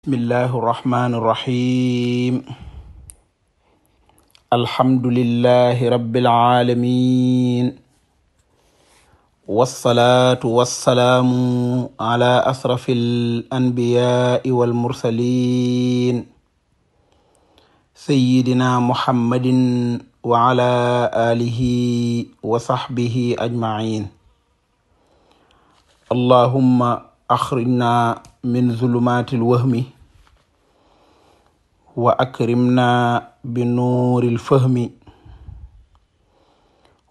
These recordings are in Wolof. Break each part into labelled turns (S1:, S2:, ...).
S1: bismillahi irrahmani irrahim alhamdulillahi rabbilaalamin walsalaatu walsalaamu ala asrafi alanbiyaai walmursalin sayidina muhammadin wa ala alihi wa saxbihi ajmain allahumma axrijna min zulumaatil wahmi wa akrimna bi nuuril fahmi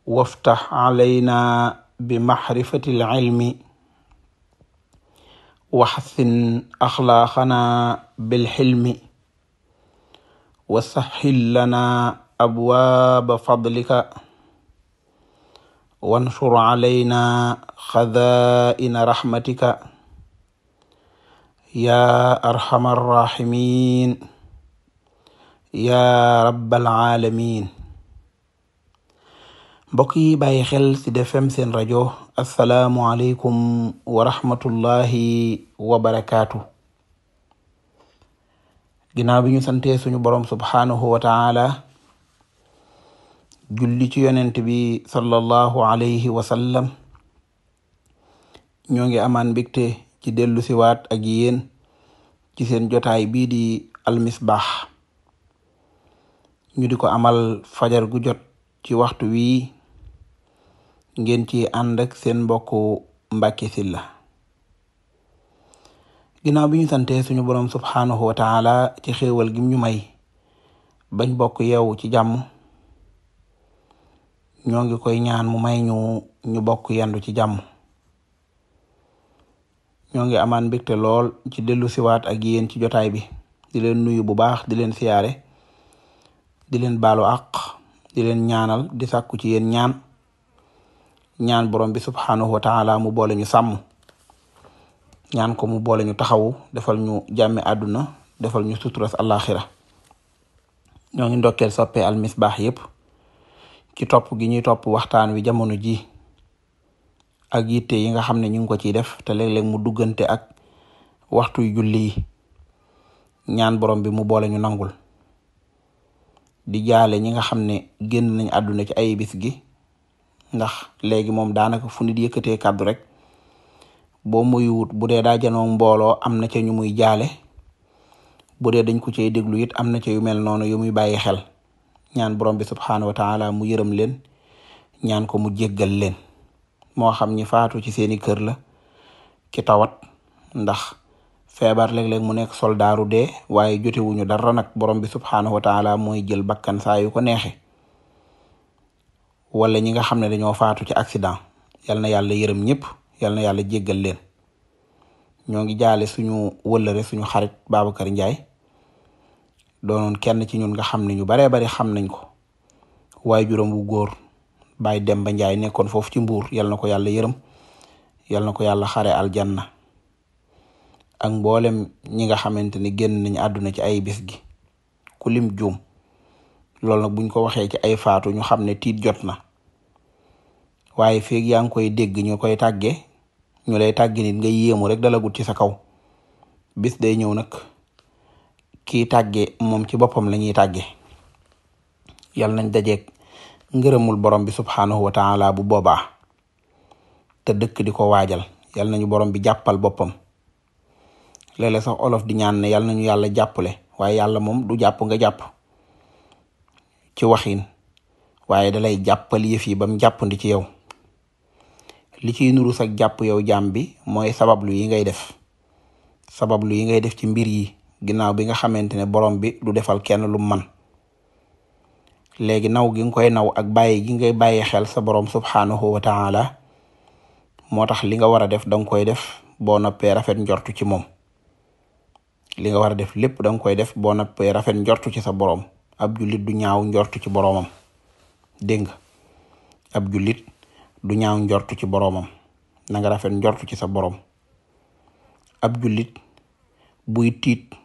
S1: waftax alayna bi maxrifatil ilmi waxsin axlaaqana bil xilmi wa saxil lana abwaaba ya arhamar raahimiin yaa rabbal aalamiin mbokk yi bàyyi xel ci seen rajo asalaamualeykum wa rahmatullahi wa barakaatu ginnaaw bi ñu santee suñu borom subhaanahu wa julli ci yonent bi sallallahu alayhi wa sallam ñoo ngi amaan mbégte ci dellu siwaat ak yéen ci seen jotaay bii di almisbaax ñu di ko amal fajar gu jot ci waxtu wii ngeen ci ànd seen mbokku Mbàkke Sylla ginnaaw bi ñu santee suñu boroom subhaanahu wa taala ci xéewal gim ñu may bañ bokk yeewu ci jàmm ñoo ngi koy ñaan mu may ñu ñu bokk yendu ci jàmm ñoo ngi amaan mbégte lool ci dellu siwaat ak yéen ci jotaay bi di leen nuyu bu baax di leen siyaare di leen baalu àq di leen ñaanal di sàkku ci yéen ñaan ñaan borom bi subhanahu wa taala mu boole ñu sàmm ñaan ko mu boole ñu taxawu defal ñu jàmme àdduna defal ñu suturas alaxira ñoo ngi ndokkeel soppe Al Misbah yépp ci topp gi ñuy topp waxtaan wi jamono ji ak yitte yi nga xam ne ñu ngi ko ciy def te léeg-léeg mu duggante ak waxtu julli yi ñaan borom bi mu boole ñu nangul di jaale ñi nga xam ne génn nañ àdduna ci ay bis gi ndax léegi moom daanaka fu nit yëkkatee kàddu rek boo muy wut bu dee daa janoo mbooloo am na ca ñu muy jaale bu dee dañ ko cay déglu it am na ci yu mel noonu yu muy bàyyi xel ñaan borom bi subxanahu wa ta'ala mu yërëm leen ñaan ko mu jéggal leen. moo xam ñi faatu ci seeni kër la ki tawat ndax feebar léeg-léeg mu nekk soldaaru dee waaye jotewuñu dara nag borom bi subhaanahu wa mooy jël bakkan saa ko neexe wala ñi nga xam ne dañoo faatu ci accident yal na yàlla yërëm ñëpp yal na yàlla jéggal leen ñoo ngi jaale suñu wëllëre suñu xarit Babacar Ndiaye doonoon kenn ci ñun nga xam ne ñu baree bari xam nañ ko waaye juróom wu góor Baay Demba Njaay nekkoon foofu ci Mbuur yal na ko yàlla yërëm yal na ko yàlla xare aljanna ak mboolem ñi nga xamante ni génn nañu àdduna ci ay bis gi ku lim juum loolu nag buñ ko waxee ci ay faatu ñu xam ne tiit jot na waaye feeg yaa ngi koy dégg ñu koy tàgge ñu lay tàgge nit nga yéemu rek dalagut ci sa kaw bis day ñëw nag kii tàgge moom ci boppam la ñuy tàgge yal nañ dajeeg ngërëmul borom bi subhaanahu wa taala bu boobaa te dëkk di ko waajal yal nañu borom bi jàppal boppam léeg-léeg sax olof di ñaan ne yal nañu yàlla jàppale waaye yàlla moom du jàpp nga jàpp ci waxin waaye dalay jàppal yëf yi bam jàppandi ci yow li ciy nuru sag jàpp yow jaam bi mooy sabablu yi ngay def sabablu yi ngay def ci mbir yi ginnaaw bi nga xamante ne borom bi du defal kenn lu man léegi naw gi nga koy naw ak bàyyi gi ngay bàyyi xel sa borom subhanahu wa taala moo tax li nga war a def da koy def boo noppee rafet njortu ci moom li nga war a def lépp da nga koy def boo noppee rafet njortu ci sa borom ab julit du ñaaw njortu ci boromam dégg nga ab jullit du ñaaw njortu ci boromam na nga rafet njortu ci sa borom ab julit buy tiit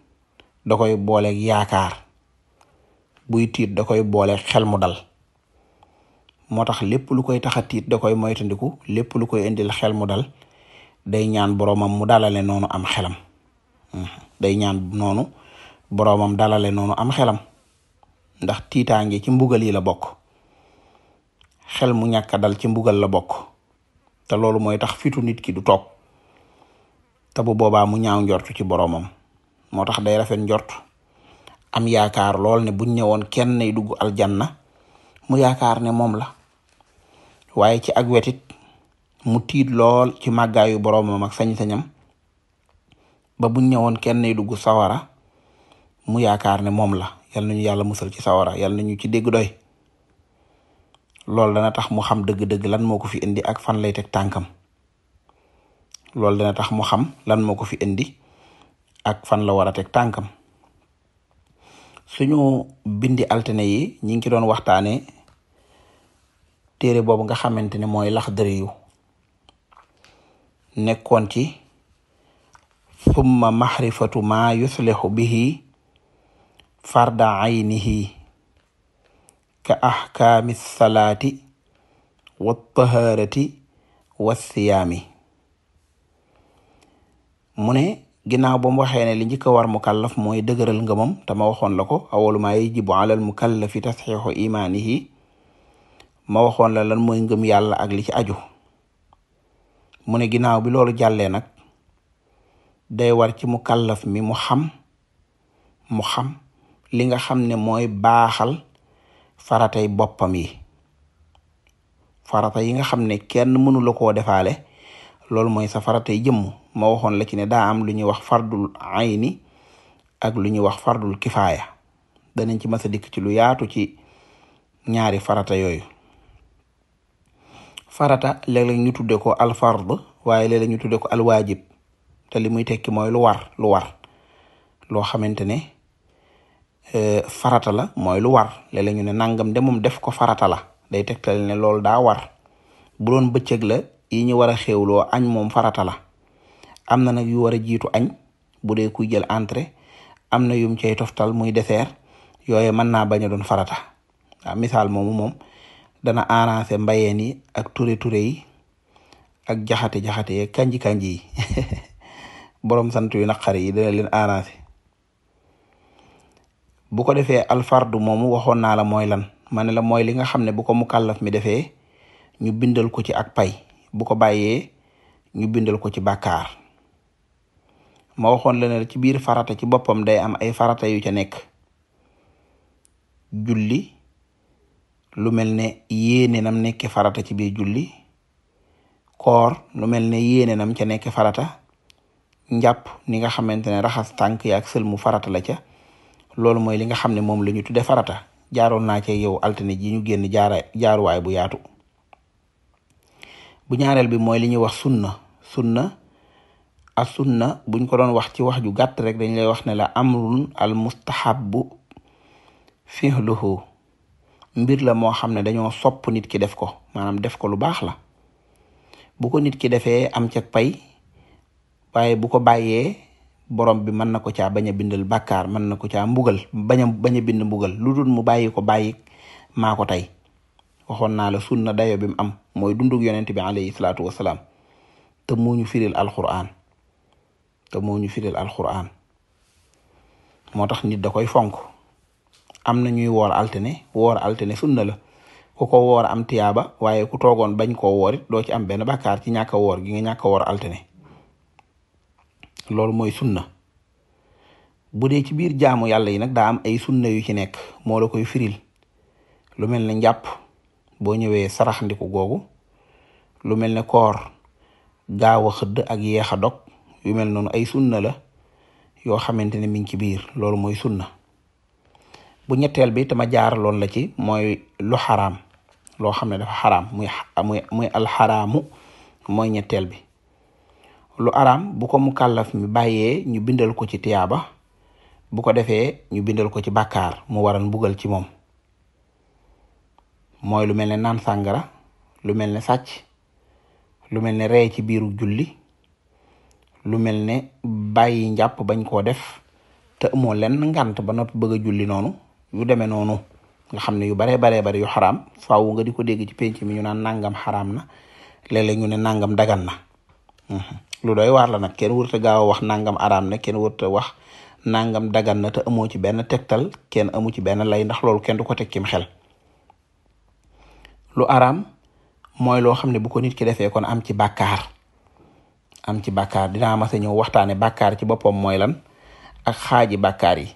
S1: da koy booleeg yaakaar. buy tiit da koy boole xel mu dal moo tax lépp lu koy taxa tiit da koy moytandiku lépp lu koy indil xel mu dal day ñaan boromam mu dalale noonu am xelam hmm. day ñaan noonu boroomam dalale noonu am xelam ndax tiitaange ci mbugal yi la bokk xel mu ñàkk dal ci mbugal la bokk te loolu mooy tax fitu nit ki du toog te bu boobaa mu ñaaw njortu ci boroomam moo tax day rafet njort am yaakaar lool ne buñ ñëwoon kenn nay dugg aljanna mu yaakaar ne moom la waaye ci ag wetit mu tiit lool ci màggaayu boroomam ak sañ-sañam ba buñ ñëwoon kenn nay dugg sawara mu yaakaar ne moom la yal nañu yàlla musal ci sawara yal nañu ci dégg doy loolu dana tax mu xam dëgg-dëgg lan moo ko fi indi ak fan lay teg tànkam loolu dana tax mu xam lan moo ko fi indi ak fan la war a teg tànkam suñu bindi altine yi ñi ngi ci doon waxtaane téere boobu nga xamante ne mooy Laxdari yu nekkoon ci summa maxrifatu maa yuslihu bihi farda aynihi ka ahkaami salaati wa tahaarati wa siyaami mu ginnaaw ba waxee ne li njëkk war war mukallaf mooy dëgëral ngëmam te ma waxoon la ko awalu maa yajibu alal mukallafi tasxiixu imaanihi ma waxoon la lan mooy ngëm yàlla ak li ci aju mu ne ginnaaw bi loolu jàllee nag day war ci mu kallaf mi mu xam mu xam li nga xam ne mooy baaxal faratay boppam yi farata yi nga xam ne kenn mënu la koo defaale loolu mooy sa faratay jëmm ma waxoon la ci ne daa am lu ñuy wax fardul ayni ak lu ñuy wax fardul kifaaya danañ ci mas dikk ci lu yaatu ci ñaari farata yooyu farata léeg-léeg ñu tudde ko al fard waaye léeg-léeg ñu tudde ko al waajib te li muy tekki mooy lu war lu war loo xamante ne e, farata la mooy lu war léeg ñu ne nangam de moom def ko farata la day tegtal ne loolu daa war bu doon bëccëg la yi ñu war a xéwloo añ moom farata la am na nag yu war a jiitu añ bu dee kuy jël entrée am na yum cay toftal muy dessert yooye mën naa bañ a doon farata waaw misaal moomu moom dana arranger mbayeen yi ak ture ture yi ak jaxate jaxate yeeg kanji kanji yi borom sant yu naqare yi dana leen arranger bu ko defee alfardu moomu waxoon naa la mooy lan ma ne la mooy li nga xam ne bu ko mukallaf mi defee ñu bindal ko ci ak pay bu ko bàyyee ñu bindal ko ci bàkkaar ma waxoon la ne ci biir farata ci boppam day am ay farata yu ca nekk julli lu mel ne yéene nam nekke farata ci biir julli koor lu mel ne yéene nam ca nekke farata njàpp ni nga xamante ne raxas tànk ya ak sël mu farata la ca loolu mooy li nga xam ne moom la ñu farata jaaroon naa cee yow altine ji ñu génn jaara jaaruwaay bu yaatu bu bi mooy li ñuy wax sunna sunna asunna buñ ko doon wax ci wax ju gàtt rek dañ lay wax ne la amrun al mustahabu fihluhu mbir la moo xam ne dañoo sopp nit ki def ko maanaam def ko lu baax la bu ko nit ki defee am ca pay waaye bu ko bàyyee borom bi mën na ko caa bañ a bindal bàkkaar mën na ko caa mbugal bañ bañ a mbugal lu dul mu bàyyi ko bàyyi maa ko tey waxoon naa la sunna dayo bi mu am mooy dundug yonent bi alayhi salaatu wasalaam te moo ñu firil alquran te moo ñu firil alquran moo tax nit da koy fonk am na ñuy woor altine woor altine sunna la ko ko woor am tiyaaba waaye ku toogoon bañ koo woor it doo ci am benn bàkkaar ci ñàkk woor gi nga ñàkk a woor altine loolu mooy sunna bu dee ci biir jaamu yàlla yi nag daa am ay sunna yu ci nekk moo la koy firil lu mel ne njàpp boo ñëwee sarax ndiku googu lu mel ne koor gaaw a xëdd ak yeex a dog yu mel noonu ay sunna la yoo xamante ne mi ngi ci biir loolu mooy sunna bu ñetteel bi tama jaar loon la ci mooy lu xaraam loo xam ne dafa xaraam muy alxaraamu mooy ñetteel bi lu araam bu ko mu mukallaf mi bàyyee ñu bindal ko ci tiyaaba bu ko defee ñu bindal ko ci bàkkaar mu waral mbugal ci moom mooy lu mel ne naan sàngara lu mel ne sàcc lu mel ne ree ci biiru julli lu mel ne bàyyi njàpp bañ koo def te amoo lenn ngant ba noppi bëgg a julli noonu yu demee noonu nga xam ne yu baree baree bari yu xaraam faaw nga di ko dégg ci penc mi ñu naan nangam xaraam na léeg-léeg ñu ne nangam dagan na mhm. lu doy war la na kenn wërta gaaw a wax nangam araam na kenn wërta wax nangam dagan na te amoo ci benn tegtal kenn amu ci benn lay ndax loolu kenn du ko teg cim xel lu aram mooy loo xam ne bu ko nit ki defee kon am ci bàkkaar am ci bàkkaar dinaa mas a ñëw waxtaane bàkkaar ci boppam mooy lan ak xaaji bàkkaar yi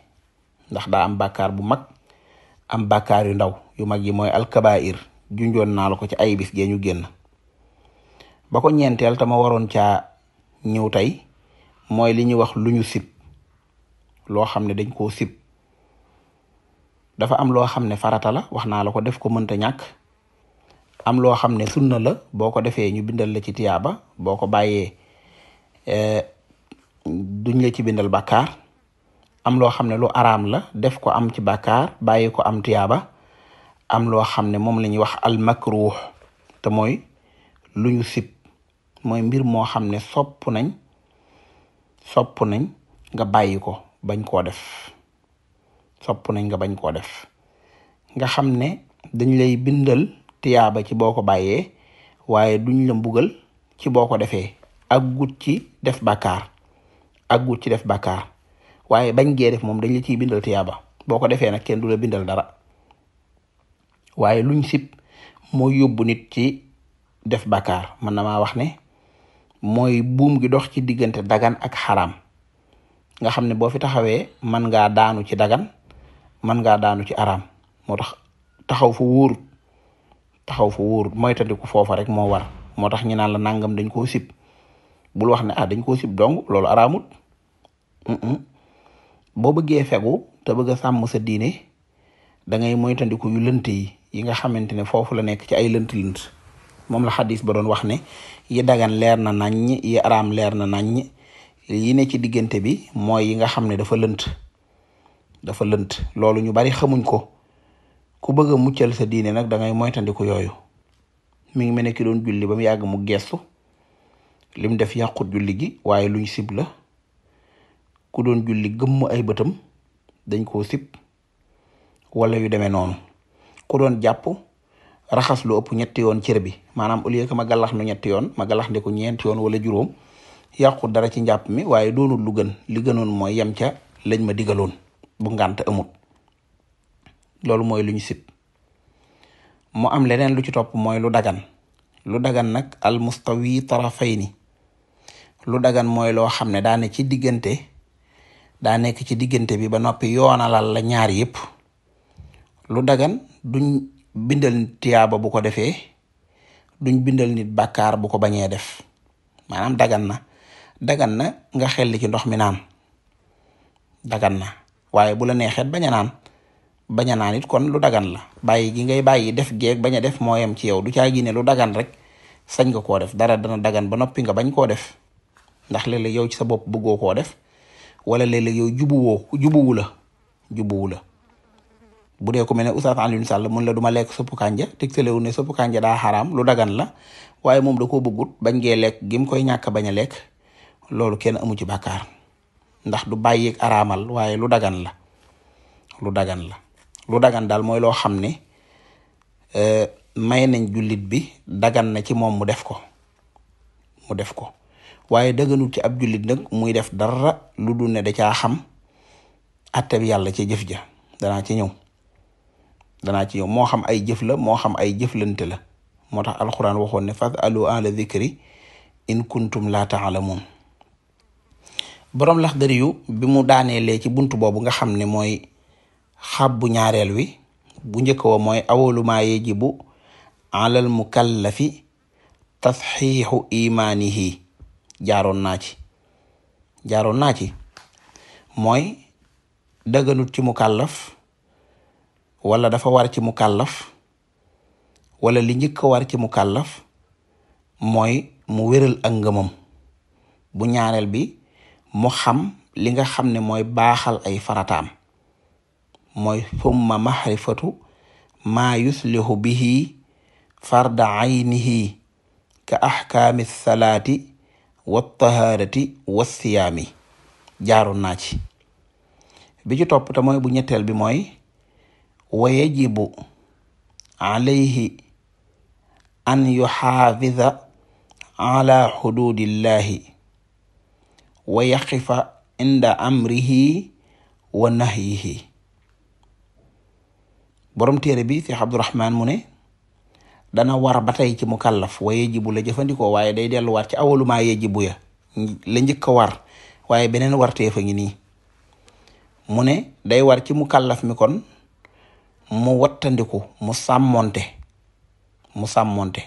S1: ndax daa am bàkkaar bu mag am bàkkaar yu ndaw yu mag yi mooy alkabair junjoon naa la ko ci ay bis gee ñu génn ba ko ñeenteel te ma waroon caa ñëw tey mooy li ñuy wax lu ñu sip loo xam ne dañ koo sip dafa am loo xam ne farata la wax naa la ko def ko mënta ñàkk am loo xam ne sunna la boo ko defee ñu bindal la ci tiyaaba boo ko bàyyee Eh, duñ la ci bindal bàkkaar am loo xam ne lu araam la def ko am ci bàkkaar bàyyi ko am tiyaaba am loo xam ne moom la ñuy wax al makruh te mooy lu ñu sip mooy mbir moo xam ne sopp nañ sopp nañ nga bàyyi ko bañ koo def sopp nañ nga bañ koo def nga xam ne dañ lay bindal tiyaaba ci boo ko bàyyee waaye duñ la mbugal ci boo ko defee ak gut ci def bàkkaar ak gut ci def bàkkaar waaye bañ gee def moom dañ la ciy bindal tiyaaba boo ko defee nag kenn du la bindal dara waaye luñ sib mooy yóbbu nit ci def bàkkaar man na maa wax ne mooy buum gi dox ci diggante dagan ak xaram nga xam ne boo fi taxawee mën ngaa daanu ci dagan mën ngaa daanu ci araam moo tax taxaw fa wóorut taxaw fa wóorut moytandiku foofa rek moo war moo tax ñu naan la nangam dañ ko sib bul wax ne ah dañ koo sib dong loolu araamut boo bëggee fegu te bëgg a sàmm sa diine dangay ngay moytandiku yu lënt yi yi nga xamante ne foofu la nekk ci ay lënt-lënt moom la xadis ba doon wax ne yi dagan leer na naññ yi araam leer na naññ yi ne ci diggante bi mooy yi nga xam ne dafa lënt dafa lënt loolu ñu bari xamuñ ko ku bëgg a muccal sa diine nag dangay ngay moytandiku yooyu mu ngi mel ne ki doon julli ba mu yàgg mu gestu lim def yàqut julli gi waaye luñ sib la ku doon julli gëmm ay bëtam dañ koo sib wala yu demee noonu ku doon jàpp raxas lu ëpp ñetti yoon cere bi maanaam au ma gàllax nu ñetti yoon ma gàllax ndiku ñeenti yoon wala juróom yàqut dara ci njàpp mi waaye doonu lu gën li gënoon mooy yem ca lañ ma digaloon bu ngànt amut loolu mooy lu sib mu am leneen lu ci topp mooy lu dagan lu dagan nag al mustawi tarafayni lu dagan mooy loo xam ne daa ne ci diggante daa nekk ci diggante bi ba noppi yoonalal la ñaar yépp lu dagan duñ bindal tiyaaba bu ko defee duñ bindal nit bàkkaar bu ko bañee def maanaam dagan na dagan na nga xelli ci ndox mi naan dagan na waaye bu la neexeet bañ naan bañ a naan kon lu dagan la bàyyi ji ngay bàyyi def geeg bañ a def mooyam ci yow du ca gi lu dagan rek sañ nga koo def dara dana dagan ba noppi nga bañ koo def ndax léeg yow ci sa bopp bëggoo koo def wala léeg-léeg yow jubuwoo jubuwu la jubuwu la bu dee ku mel ne Oustaz Alioune Sall mun la du ma lekk suppu kànja tegtalewu ne suppu kànja daa xaraam lu dagan la waaye moom da koo bëggut bañ gee lekk gim koy ñàkk bañ a lekk loolu kenn amu ci bàkkaar ndax du bàyyi araamal waaye lu dagan la lu dagan la lu dagan daal mooy loo xam ne eh, may nañ jullit bi dagan na ci moom mu def ko mu def ko waaye daganul ci ab jullit nag muy def dara lu dul ne da caa xam atte bi yàlla jëf ja danaa ci ñëw danaa ci ñëw moo xam ay jëf la moo xam ay jëflante la moo tax alxuraan waxoon ne fasalu ahla zikri in kuntum la taalamuun borom Laxdari yu bi mu daaneelee ci bunt boobu nga xam ne mooy xab bu ñaareel wi bu njëkk wa mooy awalu maa yajibu alal mukallafi tasxiixu imaanihi jaaroon naa ci jaaroon naa ci mooy daganut ci mu kàllaf wala dafa war ci mu kàllaf wala li njëkk war ci mu kàllaf mooy mu wéral ak ngëmam bu ñaareel bi mu xam li nga xam ne mooy baaxal ay farataam mooy summa mahrifatu maa yuslihu bihi farda aynihi ka ahkaami salaati wa tahaarati wa siyaami jaaroon naa ci bi ci topp bu ñetteel bi mooy wa yajibu alayhi an yuxaafida ala xududillahi wa inda amrihi wa nahyihi téere bi Cheikh Abdourahman mu ne dana war ba tey ci mu kàllaf wa yejibu la jëfandikoo waaye day delluwaat ci awalumaa yejibu ya la njëkk a war waaye beneen wartee fa ngi nii mu ne day war ci mu kàllaf mi kon mu wattandiku mu sàmmonte mu sàmmonte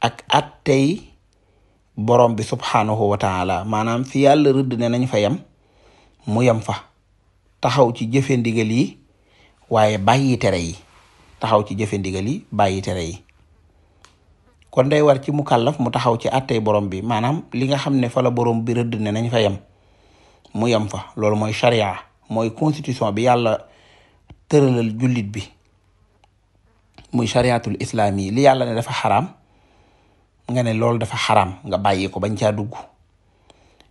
S1: ak attey borom bi subhaanahu wa taala maanaam fi yàlla rëdd ne nañ fa yam mu yam fa taxaw ci jëfe yi waaye bàyyi yi taxaw ci jëfe yi bàyyi yi kon dey war ci mu mu taxaw ci àttey borom bi maanaam li nga xam ne fa la borom bi rëdd ne nañ fa yem mu yem fa loolu mooy charia mooy constitution bi yàlla tëralal jullit bi muy chariatul islaam yi li yàlla ne dafa xaram nga ne loolu dafa xaram nga bàyyi ko bañ caa dugg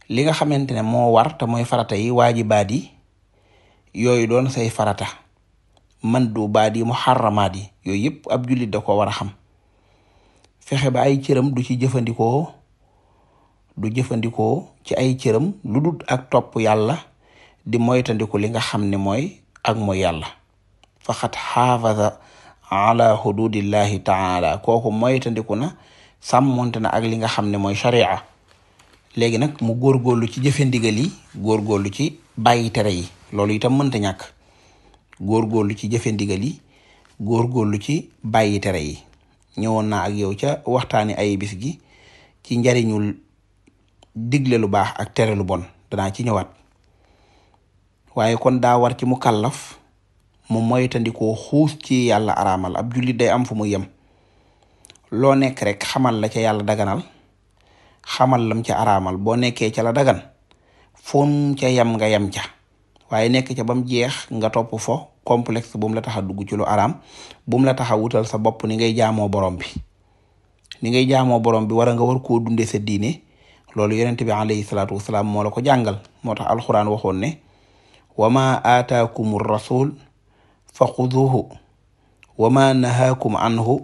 S1: li nga xamante ne moo war te mooy farata yi waajibaat yi yooyu doon say farata man du baat yi muharramaat yi yooyu yëpp ab jullit da ko war a xam fexe ba ay cëram du ci jëfandikoo du jëfandikoo ci ay cëram lu dul ak topp yàlla di moytandiku li nga xam ne mooy ak mooy yàlla faxat xaafasa ala xududillahi taala kooku moytandiku na sàmmonte na ak li nga xam ne mooy sharia léegi nag mu góorgóorlu ci jëfe ndigal yi góorgóorlu ci bàyyi tere yi loolu itam mënta ñàkk góorgóorlu ci jëfe ndigal yi góorgóorlu ci bàyyi tere yi ñëwoon naa ak yow ca waxtaani ay bis ci njariñul digle lu baax ak tere lu bon danaa ci ñëwaat waaye kon daa war ci mu kallaf mu moytandikoo xuus ci yàlla araamal ab jullit day am fu muy yem loo nekk rek xamal la ca yàlla daganal xamal lam ca araamal boo nekkee ca la dagan fon ca yam nga yam ca waaye nekk ca bam jeex nga topp fo complexe bu mu la tax a dugg ci lu araam bu la tax wutal sa bopp ni ngay jaamoo borom bi ni ngay jaamoo borom bi war a nga war ko dundee sa diine loolu yonent bi alayhi salaatu wasalaam moo la ko jàngal moo tax alxuraan waxoon ne wa ma aataakum rasul fa xuduhu wa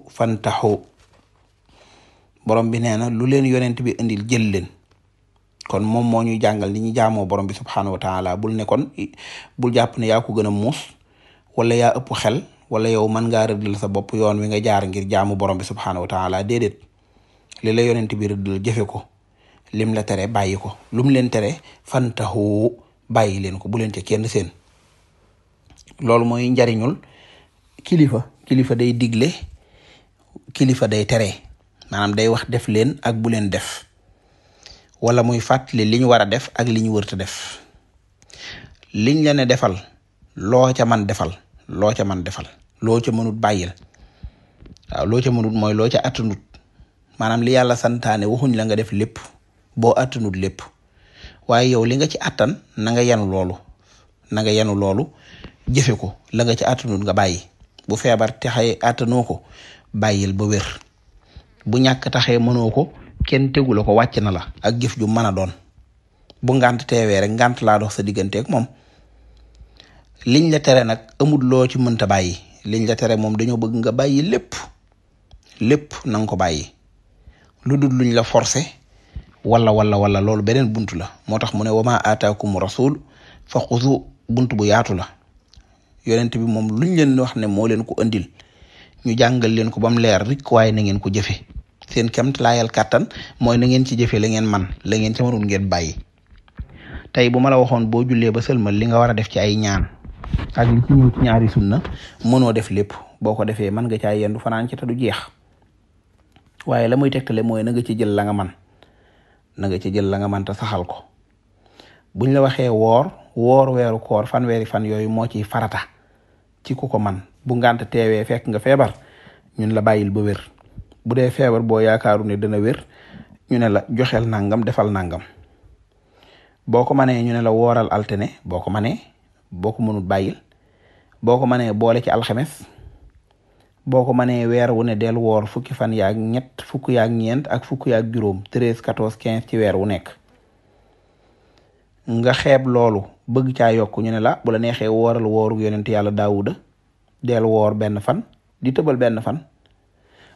S1: fantaxu borom bi nee na lu leen yonent bi indil jël leen kon moom moo ñuy jàngal ni ñu jaamoo borom bi subxanahu wa taala bul ne kon bul jàpp ne yaa ko gën a muus wala yaa ëpp xel wala yow mën ngaa rëddal sa bopp yoon wi nga jaar ngir jaamu borom bi subxanahu wa taala déedéet li la yonent bi rëddal jëfe ko lim la tere bàyyi ko lum leen tere fantahu bàyyi leen ko bu leen ca kenn seen loolu mooy njariñul kilifa kilifa day digle kilifa day tere maanaam day wax def leen ak bu leen def wala mooy fàttali li ñu war a def ak li ñu wërta def liñ la ne defal loo ca man defal loo ca man defal loo ca mënut bàyyil waaw loo ca mënut mooy loo ca attanut maanaam li yàlla santaane waxuñ la nga def lépp boo attanut lépp waaye yow li nga ci attan na nga yanu loolu na nga loolu jëfe ko la nga ci nga bàyyi bu feebar taxee attanoo ko bàyyil ba wér bu ñàkk taxee mënoo ko kenn tegu la ko wàcc na la ak jëf ju mën a doon bu ngànt teewee rek ngànt laa dox sa digganteeg moom liñ la tere nag amut loo ci mënta bàyyi liñ la tere moom dañoo bëgg nga bàyyi lépp lépp na nga ko bàyyi lu dul luñ la force wala wala wala loolu beneen buntu la moo tax mu ne wama ataakum rasul fa xuzu bunt bu yaatu la yonent bi moom luñ leen wax ne moo leen ko andil ñu jàngal leen ko ba mu leer rek waaye na ngeen ko jëfe seen kemtalaayal kàttan mooy na ngeen ci jëfe la ngeen man la ngeen ca mënul ngeen bàyyi tey bu ma la waxoon boo jullee ba sëlmal li nga war a def ci ay ñaan ak li ci ñëw ñaari sunna mënoo def lépp boo ko defee mën nga caa yendu fanaan ci te du jeex waaye la muy tegtale mooy na nga ci jël la nga man na ci jël la nga man te saxal ko buñ la waxee woor woor weeru koor fanweeri fan yooyu moo ciy farata ci ku ko man bu ngànt teewee fekk nga feebar ñun la bàyyil ba wér bu dee feebar boo yaakaaru ne dana wér ñu ne la joxeel nangam defal nangam boo ko manee ñu ne la wooral altine boo ko manee boo ko mënul bàyyil boo ko mënee boole ci alxemes boo ko mënee weer wu ne del woor fukki fan yaag ñett fukk yaag ñeent ak fukk yaag juróom treize quatorze quinze ci weer wu nekk nga xeeb loolu bëgg caa yokk ñu ne la bu la neexee wooral wooru yonent yàlla daawuda del woor benn fan di tëbal benn fan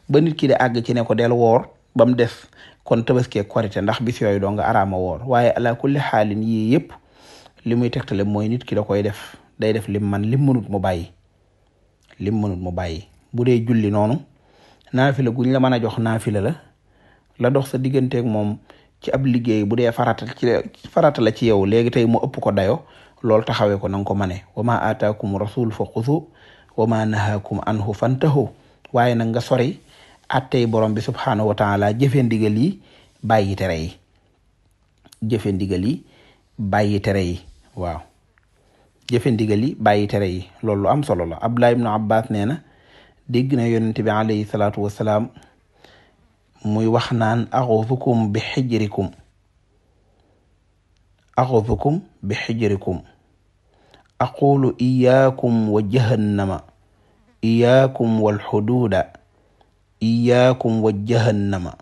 S1: ba nit ki de àgg ci ne ko del woor ba mu des kon tabaskee korite ndax bis yi doo nga woor waaye ala kulli xaalin yii yëpp li muy tegtale mooy nit ki koy def day def lim man lim mënut mu bàyyi lim mënut mu bàyyi bu dee julli noonu naafila guñ la mën a jox naafila la la dox sa digganteeg moom ci ab liggéey bu dee farata ci farata la ci yow léegi tey mu ëpp ko dayo loolu taxawee ko na nga ko mane wa ma aataakum rasul fa xusu wa ma nahaakum anhu fantahu waaye nag nga sori attey borom bi subhaanahu wa taala jëfe ndigal yi bàyyi tere yi jëfe yi bàyyi yi waaw jëfe ndigal yi bàyyi tere yi loolu am solo la Abdullah ibnu Abbas nee na dégg na yonent bi alayhi salaatu wasalaam muy wax naan axuufukum bi xijrikum axuufukum bi xijrikum aqulu iyaakum wa jahannama iyaakum wal xuduuda iyaakum wa jahannama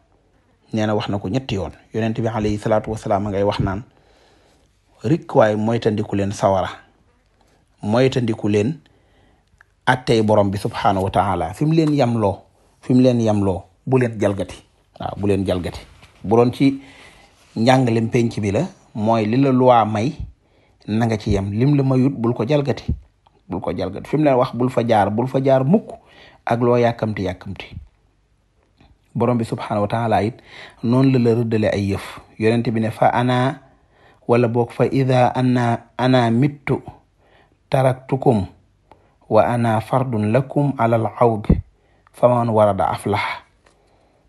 S1: nee na wax na ko ñetti yoon yonent bi alayhi salaatu wasalaam a ngay wax naan rik waaye moytandiku leen sawara moytandiku leen attey borom bi subhaanahu wa taala fi mu leen yamloo fi mu leen yamloo bu leen jalgati waaw bu leen jalgati bu doon ci njàngalem penc bi la mooy li la may nanga ci yem lim la mayut bul ko jalgati bul ko jalgati fi mu leen wax bul fa jaar bul fa jaar mukk ak loo yàkkamti yàkkamti borom bi subhaanahu wa taala it noonu la la rëddale ay yëf ne fa ana wala boog fa ida ana ana mittu taraktukum wa ana fardun lakum ala al awd faman warada aflaha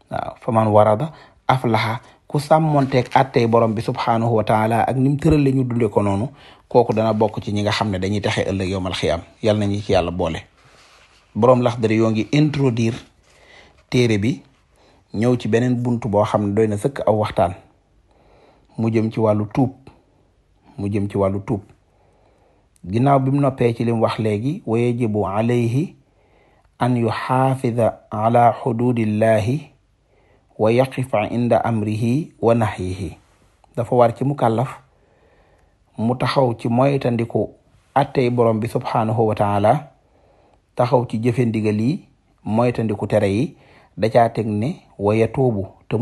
S1: waaw faman warada aflaha ku sàmmonteeg attey borom bi subhaanahu wa taala ak ni mu tëralee ñu dunde ko noonu kooku dana bokk ci ñi nga xam ne dañuy taxe ëllëg yowmal xiyaam yal na ñu ci yàlla boole borom Laxdari yoo ngi introduire téere bi ñëw ci beneen bunt boo xam ne doy na sëkk aw waxtaan mu jëm ci wàllu tuub mu jëm ci wàllu tuub ginnaaw bi mu noppee ci lim wax léegi wa yajibu alayhi an yuxaafida ala xududillahi wa inda amrihi wa nahyihi dafa war ci mukallaf mu taxaw ci moytandiku attey borom bi subhaanahu wa taala taxaw ci jëfe ndigal yi tere yi da caa teg ne wa yatuubu te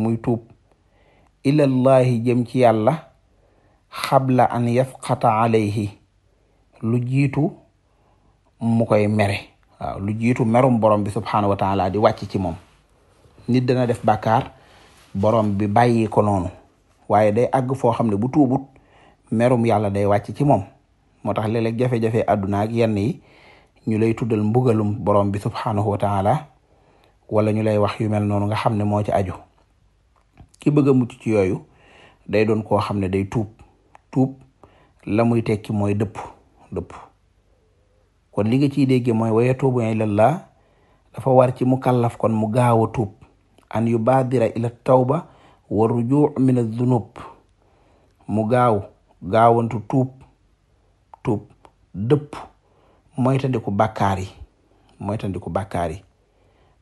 S1: muy tuub ilallahi jëm ci yàlla xabla an yafqata alayhi lu jiitu mu koy mere waaw lu jiitu merum borom bi subhanahu wa taala di wàcc ci moom nit dana def bàkkaar borom bi bàyyi ko noonu waaye day àgg foo xam ne bu tuubut merum yàlla day wàcc ci moom moo tax léeg-léeg jafe-jafe àdduna ak yenn yi ñu lay tuddal bugalum borom bi subhanahu wa taala wala ñu lay wax yu mel noonu nga xam ne moo ci aju ki bëgg a mucc ci yooyu day doon koo xam ne day tuub tuub la muy tekki mooy dëpp dëpp kon li nga ciy déggee mooy wa yatuubu ilallaa dafa war ci mu kàllaf kon mu gaaw a tuub an yu baadira ila tawba wa rujuu min adunub mu gaaw gaawantu tuub tuub dëpp moytandiku bàkkaar yi moytandiku bàkkaar yi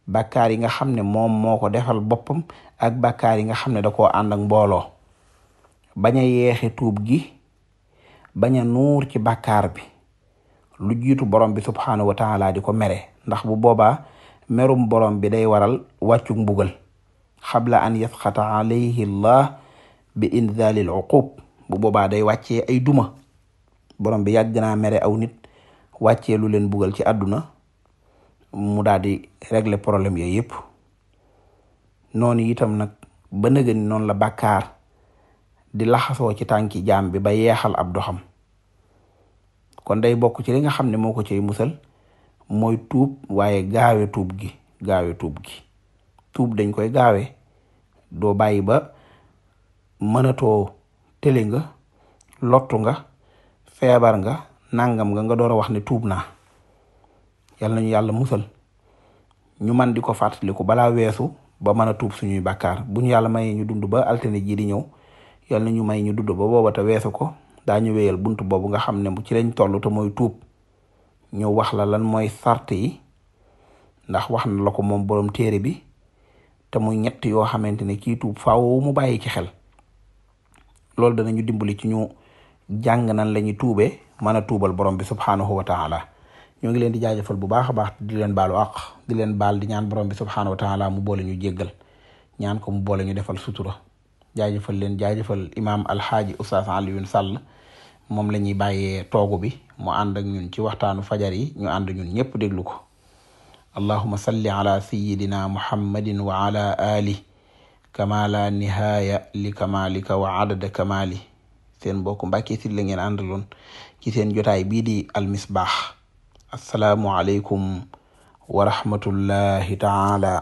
S1: bàkkaar yi nga xam ne moom moo ko defal boppam ak bàkkaar yi nga xam ne da ko ànd ak mbooloo bañ a yeexe tuub gi bañ a nuur ci bàkkaar bi lu jiitu borom bi subhaanahu wa taala di ko mere ndax bu boobaa merum borom bi day waral wàccu mbugal xabla an yasxata alayhi llah bi inzalil uqub bu boobaa day wàccee ay duma borom bi yàgg naa mere aw nit wàccee lu leen bugal ci àdduna mu daal di problème yooyu yëpp noonu itam nag ba nëgëni noonu la bàkkaar di laxasoo ci tànki jaam bi ba yeexal ab doxam kon day bokk ci li nga xam ne moo ko cay musal mooy tuub waaye gaawe tuub gi gaawe tuub gi tuub dañ koy gaawe doo bàyyi ba mënatoo tële nga lottu nga feebar nga nangam nga nga door a wax ne tuub na yal nañu yàlla musal ñu man di ko fàttaliku balaa weesu ba mën a tuub suñuy bakkaar bu ñu yàlla mayee ñu dund ba altine ji di ñëw yal na ñu may ñu dudd ba booba te weesu ko daañu wéyal bunt boobu nga xam ne bu ci lañ toll te mooy tuub ñu wax la lan mooy sart yi ndax wax na la ko moom boroom téere bi te muy ñett yoo xamante ne kii tuub faaw mu bàyyi ci xel loolu danañu dimbali ci ñu jàng nan la ñu tuubee mën a tuubal borom bi subhaanahu wa taala ñoo ngi leen di jaajëfal bu baax a baax di leen baalu àq di leen baal di ñaan borom bi subhaanahu wa taala mu boole ñu jéggal ñaan ko mu boole ñu defal sutura jaajëfal leen jaajëfal imaam alhaaji Oustaz Alioune Sall moom la ñuy bàyyee toogu bi mu ànd ak ñun ci waxtaanu fajar yi ñu ànd ñun ñëpp déglu ko allahuma salli ala sayidina muhammadin wa ala ali kama la li kamalika wa adada kamali seen mbokk Mbàkke Sylla la ngeen àndaloon ci seen jotaay bii di almisbaax asalaamualeykum wa rahmatullahi taala